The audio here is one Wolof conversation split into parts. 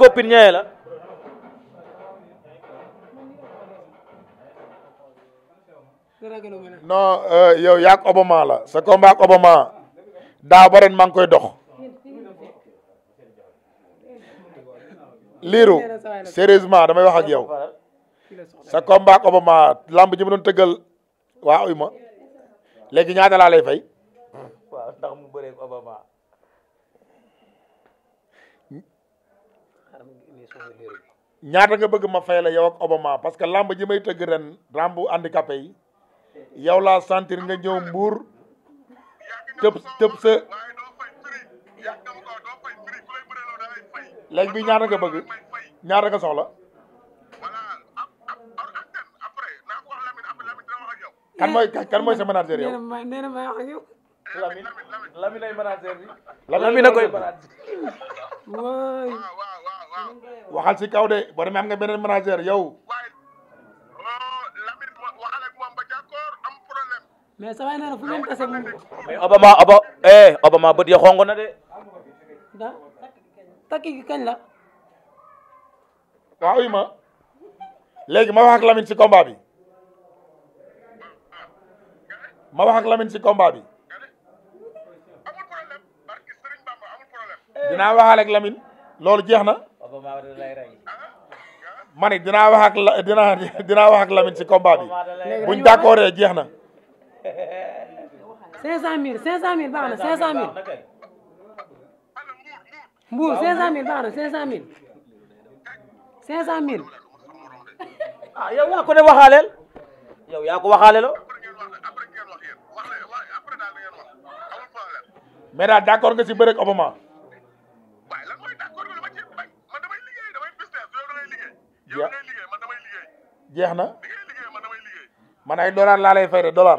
copine ñee la non euh, yow yaak Obama la sa combat ak Obama daaw ba ren koy dox liiru sérieusement damay wax ak yow sa combat ak Obama lamb ji ma tëggal waa uy ma léegi ñaata laa lay fay ñaata nga bëgg ma fay la yow Obama parce que lamb ji tëgg ren rambu handicapé yi yow laa sentir nga ñëw mbuur tëb tëb sa léegi bi ñaata nga bëgg ñaata nga soxla kan mooy kan mooy sa manager yow nee na may wax ak yow Lamine Lamine a koy manager waxal si kaw de boo demee am nga beneen manager yow. Oh, mais samay nee Obama Oba eh Obama bët ya xong na de. da kañ la. waaw ah, ma léegi ma wax ak si combat bi ma wax ak si combat bi dinaa waxaale ak Lamine loolu jeex na. ma ne dinaa wax ak la dinaa dinaa wax ak Lamine ci combat bi buñ d'accord jeex na. 500000 500000 baax na 500000. Mbour 500000 baax na 500000. 500000. ah yow yaa ko ne waxaaleel. yow nga ci bëreeg Obama. jeex na man ay dollar laa lay fay de dollar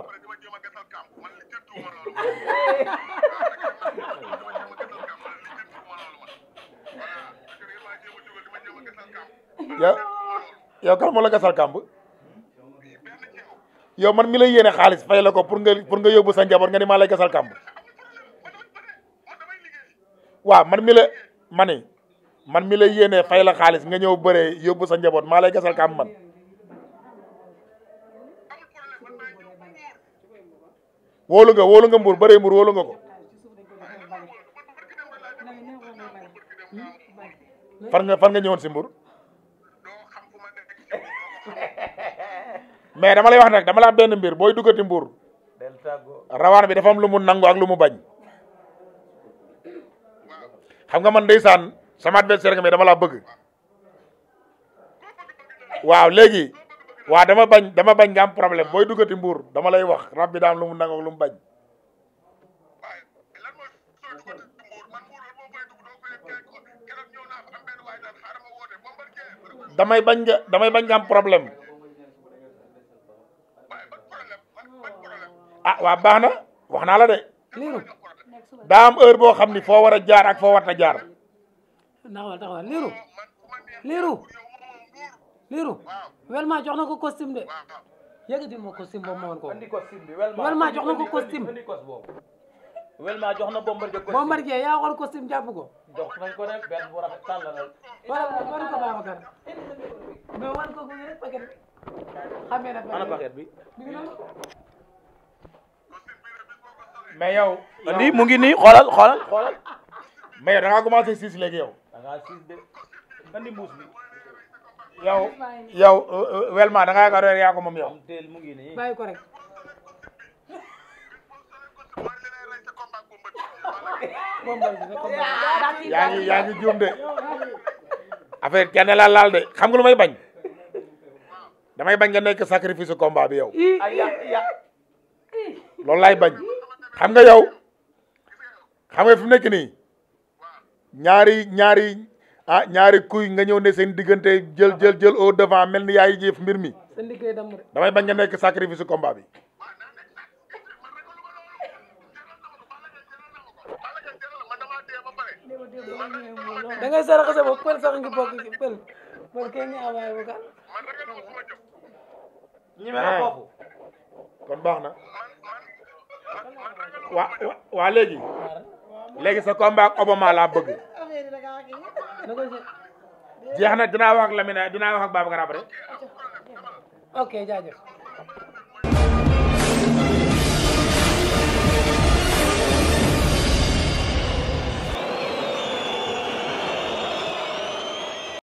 yow yow kan moo la gasal kàmb yow man mi lay yéene xaalis fay la ko pour nga pour nga yóbbu sa njaboot nga ni maa lay gasal kàmb waaw man mila la ma ni man mi lay yéene fay la xaalis nga ñëw bëree yóbbu sa njaboot maa lay gasal kàmb man wóolu nga nga mbur bëree mbur wóolu nga ko fan nga fan si mbur mais dama lay wax nag dama la benn mbir booy duggati mbur rawaan bi dafa am lu mu nangu ak lu mu bañ xam nga man ndeysaan sama adversaire nga mais dama la bëgg waaw léegi waa dama bañ dama bañ nga problème booy duggati mbuur dama lay wax rab bi daam lu mu nangoo bañ damay bañ nga damay bañ nga problème ah waa baax na wax naa la de liiru daa am boo xam ni foo war a jaar ak foo war a jaar liiru liiru liiru Welma jox na ko costume de yëgatil ma costume boobu ma woon ko Welma jox na ko costume Welma jox na Bombardier costume Bombardier yaa xool costume jàpp ko jox nañ ko rek benn bu ko Babacar mais ko rek paquet xamee na ana paquet bi yow andi mu ngi nii xoolal xoolal xoolal mais yow da ngaa commencé siis léegi yow yow yow euh, Welma da yaa ko moom yow. yaa ngi yaa de affaire kenn la laal de xam nga lu may bañ damay bañ nga nekk sacrifice combat bi yow loolu laay bañ xam nga yow xam nga fi nekk nii ñaari ñaari. ah ñaari kuy nga ñëw ne seen diggante jël jël jël au devant mel ni yaay jëf mbir mi damay bañ nga nekk sacrifice combat bi da sa kay ñu awaay bu kan ñi mel kon baax na waa waa léegi léegi sa combat ak Obama laa bëgg jeex na dinaa wax ak Lamine dinaa wax ak Babacar après ok jaajëf